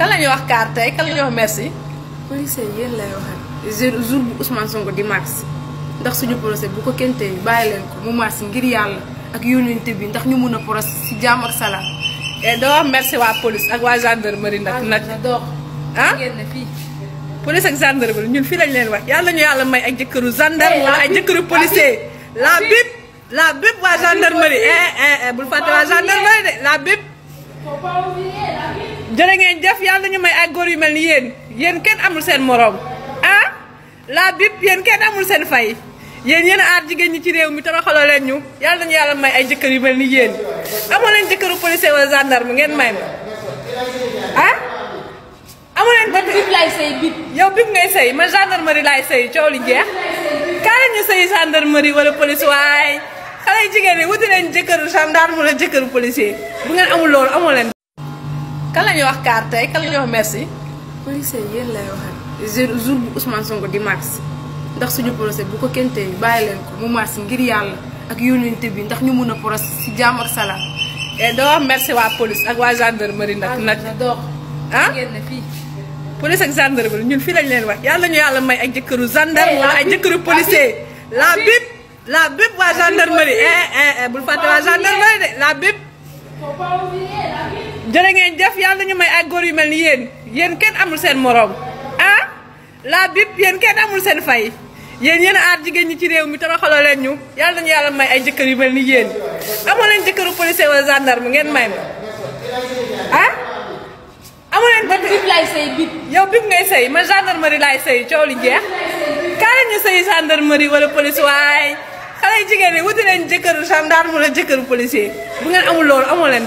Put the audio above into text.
kan la ñuy wax carte tey kan la ñuy wax merci. policier jour bu Ousmane Sonko di mars ndax suñu procès bu ko kenn tey bàyyi leen ko mu mars ngir yàlla ak yónnente bi ndax ñu mun a procès si jàmm ak salaam. et doo wax merci waa police ak waa gendarmerie nag ah, nag ah police ak gendarmerie ñun fii lañ leen wax yàlla ñu yàlla may ay jëkkëru gendarme wala ay jëkkëru policier la bip la bip waa gendarmerie eh, eh eh bul fàtte waa gendarmerie de la bip jërë ngeen jëf yàlla ñu may ay góor yu mel ni yéen yéen kenn amul seen moroom ah la bib yéen kenn amul seen fay yéen yéen aar jigéen ñi ci réew mi toroxaloo leen ñu yàlla nañu yàlla may ay jëkkër yu mel ni yéen amoo leen jëkkëru policier wala gendarme ngeen may ma ah amoo leen man bib laay sëy bib yow bib ngay sëy man gendarmerie laay sëy coow li jeex kaa leen ñu sëy gendarmerie wala police waay xale jigéen ñi wuti leen jëkkëru gendarme wala jëkkëru policier bu ngeen amul loolu amoon leen kan la ñuy wax carte tey kan la ñuy wax merci. policier yéen lay waxal jour bu Ousmane Sonko di mars ndax suñu procès bu ko kenn tey bàyyi leen ko mu mars ngir yàlla ak yónnent bi ndax ñu mun a procès si jàmm ak salaam. et eh, doo wax merci waa police ak waa gendarmerie nag nag. ah police ak gendarmerie ñun fii lañ leen wax yàlla ñu yàlla may ay jëkkëru gendarme eh, wala ay jëkkëru policier la bip la bip waa gendarmerie eh, eh eh bul fàtte waa gendarmerie de jërë ngeen jëf yàlla ñu may ay góor yu mel ni yéen yéen kenn amul seen moroom ah la bip yéen kenn amul seen fay yéen yéen aar jigéen ñi ci réew mi tama xaloo leen ñu yàlla nañu yàlla may ay jëkkër yu mel ni yéen amoo leen jëkkëru policier wala gendarme ngeen may ma ah amoo leen bip laay sëy bip yow bip ngay sëy ma gendarmerie laay sëy coow li jeex kaa leen ñu sëy gendarmerie wala police waay xale jigéen ñi wuti leen jëkkëru gendarme wala jëkkëru policier bu ngeen amul loolu amoo leen